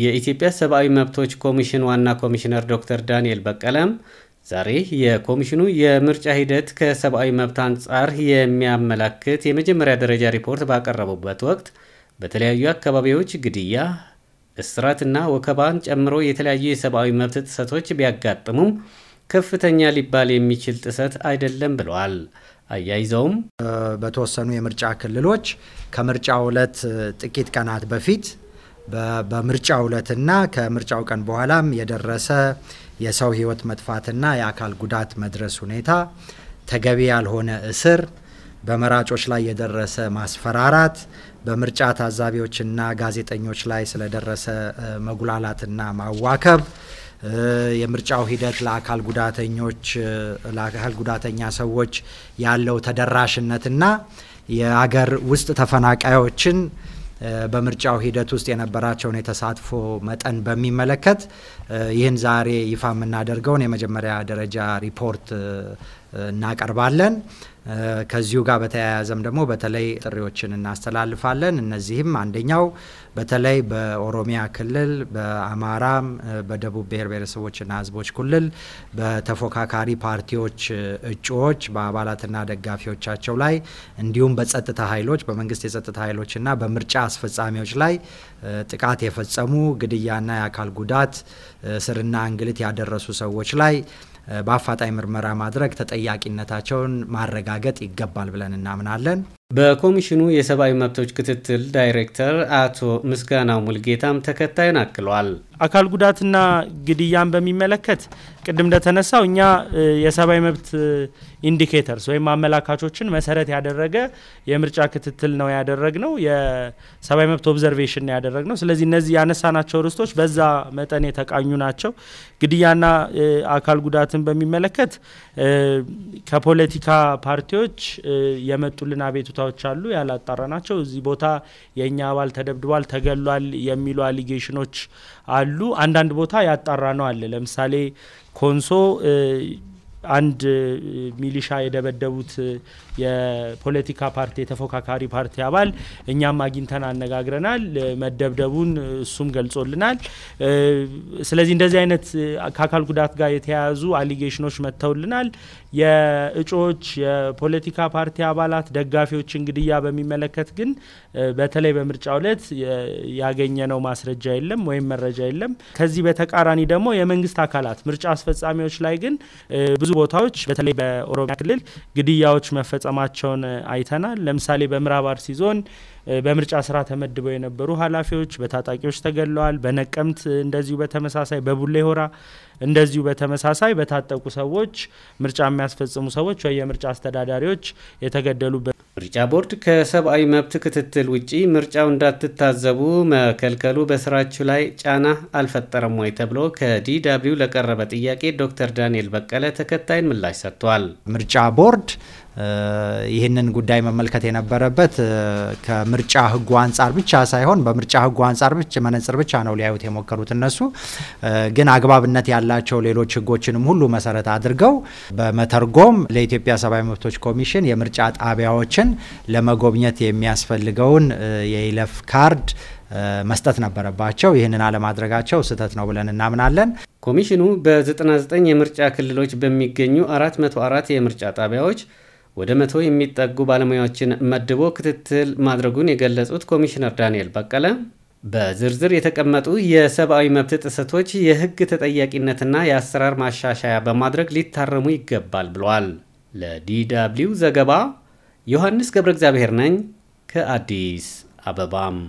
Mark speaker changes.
Speaker 1: የኢትዮጵያ ሰብአዊ መብቶች ኮሚሽን ዋና ኮሚሽነር ዶክተር ዳንኤል በቀለም ዛሬ የኮሚሽኑ የምርጫ ሂደት ከሰብአዊ መብት አንጻር የሚያመላክት የመጀመሪያ ደረጃ ሪፖርት ባቀረቡበት ወቅት በተለያዩ አካባቢዎች ግድያ፣ እስራትና ወከባን ጨምሮ የተለያዩ የሰብአዊ መብት ጥሰቶች ቢያጋጥሙም ከፍተኛ
Speaker 2: ሊባል የሚችል ጥሰት አይደለም ብለዋል። አያይዘውም በተወሰኑ የምርጫ ክልሎች ከምርጫው ዕለት ጥቂት ቀናት በፊት በምርጫው እለትና ከምርጫው ቀን በኋላም የደረሰ የሰው ህይወት መጥፋትና የአካል ጉዳት መድረስ ሁኔታ፣ ተገቢ ያልሆነ እስር፣ በመራጮች ላይ የደረሰ ማስፈራራት፣ በምርጫ ታዛቢዎችና ጋዜጠኞች ላይ ስለደረሰ መጉላላትና ማዋከብ፣ የምርጫው ሂደት ለአካል ጉዳተኞች ለአካል ጉዳተኛ ሰዎች ያለው ተደራሽነትና የአገር ውስጥ ተፈናቃዮችን በምርጫው ሂደት ውስጥ የነበራቸውን የተሳትፎ መጠን በሚመለከት ይህን ዛሬ ይፋ የምናደርገውን የመጀመሪያ ደረጃ ሪፖርት እናቀርባለን። ከዚሁ ጋር በተያያዘም ደግሞ በተለይ ጥሪዎችን እናስተላልፋለን። እነዚህም አንደኛው በተለይ በኦሮሚያ ክልል፣ በአማራም፣ በደቡብ ብሔር ና ህዝቦች ክልል በተፎካካሪ ፓርቲዎች እጩዎች በአባላትና ደጋፊዎቻቸው ላይ እንዲሁም በጸጥታ ኃይሎች በመንግስት የጸጥታ ኃይሎችና በምርጫ አስፈጻሚዎች ላይ ጥቃት የፈጸሙ ግድያና የአካል ጉዳት ስርና እንግልት ያደረሱ ሰዎች ላይ በአፋጣኝ ምርመራ ማድረግ ተጠያቂነታቸውን ማረጋገጥ ይገባል ብለን እናምናለን።
Speaker 1: በኮሚሽኑ የሰብአዊ መብቶች ክትትል ዳይሬክተር አቶ ምስጋናው ሙልጌታም ተከታዩን አክሏል።
Speaker 3: አካል ጉዳትና ግድያን በሚመለከት ቅድም እንደተነሳው እኛ የሰብአዊ መብት ኢንዲኬተርስ ወይም አመላካቾችን መሰረት ያደረገ የምርጫ ክትትል ነው ያደረግ ነው። የሰብአዊ መብት ኦብዘርቬሽን ነው ያደረግ ነው። ስለዚህ እነዚህ ያነሳናቸው ርዕሶች በዛ መጠን የተቃኙ ናቸው። ግድያና አካል ጉዳትን በሚመለከት ከፖለቲካ ፓርቲዎች የመጡልን አቤቱታዎች አሉ ያላጣራ ናቸው። እዚህ ቦታ የእኛ አባል ተደብድቧል፣ ተገሏል የሚሉ አሊጌሽኖች አሉ። አሉ። አንዳንድ ቦታ ያጣራ ነው አለ። ለምሳሌ ኮንሶ አንድ ሚሊሻ የደበደቡት የፖለቲካ ፓርቲ የተፎካካሪ ፓርቲ አባል እኛም አግኝተን አነጋግረናል። መደብደቡን እሱም ገልጾልናል። ስለዚህ እንደዚህ አይነት ከአካል ጉዳት ጋር የተያያዙ አሊጌሽኖች መጥተውልናል። የእጩዎች የፖለቲካ ፓርቲ አባላት ደጋፊዎችን ግድያ በሚመለከት ግን በተለይ በምርጫ ዕለት ያገኘነው ማስረጃ የለም ወይም መረጃ የለም። ከዚህ በተቃራኒ ደግሞ የመንግስት አካላት ምርጫ አስፈጻሚዎች ላይ ግን ብዙ ቦታዎች በተለይ በኦሮሚያ ክልል ግድያዎች መፈጸማቸውን አይተናል። ለምሳሌ በምዕራብ አርሲ ዞን በምርጫ ስራ ተመድበው የነበሩ ኃላፊዎች በታጣቂዎች ተገለዋል። በነቀምት እንደዚሁ በተመሳሳይ በቡሌ ሆራ እንደዚሁ በተመሳሳይ በታጠቁ ሰዎች ምርጫ የሚያስፈጽሙ ሰዎች ወይ የምርጫ አስተዳዳሪዎች የተገደሉበት ምርጫ ቦርድ
Speaker 1: ከሰብአዊ መብት ክትትል ውጪ ምርጫው እንዳትታዘቡ መከልከሉ በስራችሁ ላይ ጫና አልፈጠረም ወይ ተብሎ ከዲደብሊው ለቀረበ ጥያቄ ዶክተር ዳንኤል በቀለ
Speaker 2: ተከታይን ምላሽ ሰጥቷል። ምርጫ ቦርድ ይህንን ጉዳይ መመልከት የነበረበት ከምርጫ ህጉ አንጻር ብቻ ሳይሆን በምርጫ ህጉ አንጻር ብቻ መነጽር ብቻ ነው ሊያዩት የሞከሩት። እነሱ ግን አግባብነት ያላቸው ሌሎች ህጎችንም ሁሉ መሰረት አድርገው በመተርጎም ለኢትዮጵያ ሰብአዊ መብቶች ኮሚሽን የምርጫ ጣቢያዎችን ለመጎብኘት የሚያስፈልገውን የይለፍ ካርድ መስጠት ነበረባቸው። ይህንን አለማድረጋቸው ስህተት ነው ብለን እናምናለን። ኮሚሽኑ በ99 የምርጫ ክልሎች በሚገኙ
Speaker 1: 404 የምርጫ ጣቢያዎች ወደ መቶ የሚጠጉ ባለሙያዎችን መድቦ ክትትል ማድረጉን የገለጹት ኮሚሽነር ዳንኤል በቀለ በዝርዝር የተቀመጡ የሰብአዊ መብት ጥሰቶች የሕግ ተጠያቂነትና የአሰራር ማሻሻያ በማድረግ ሊታረሙ ይገባል ብሏል። ለዲደብሊው ዘገባ ዮሐንስ ገብረ እግዚአብሔር ነኝ ከአዲስ አበባም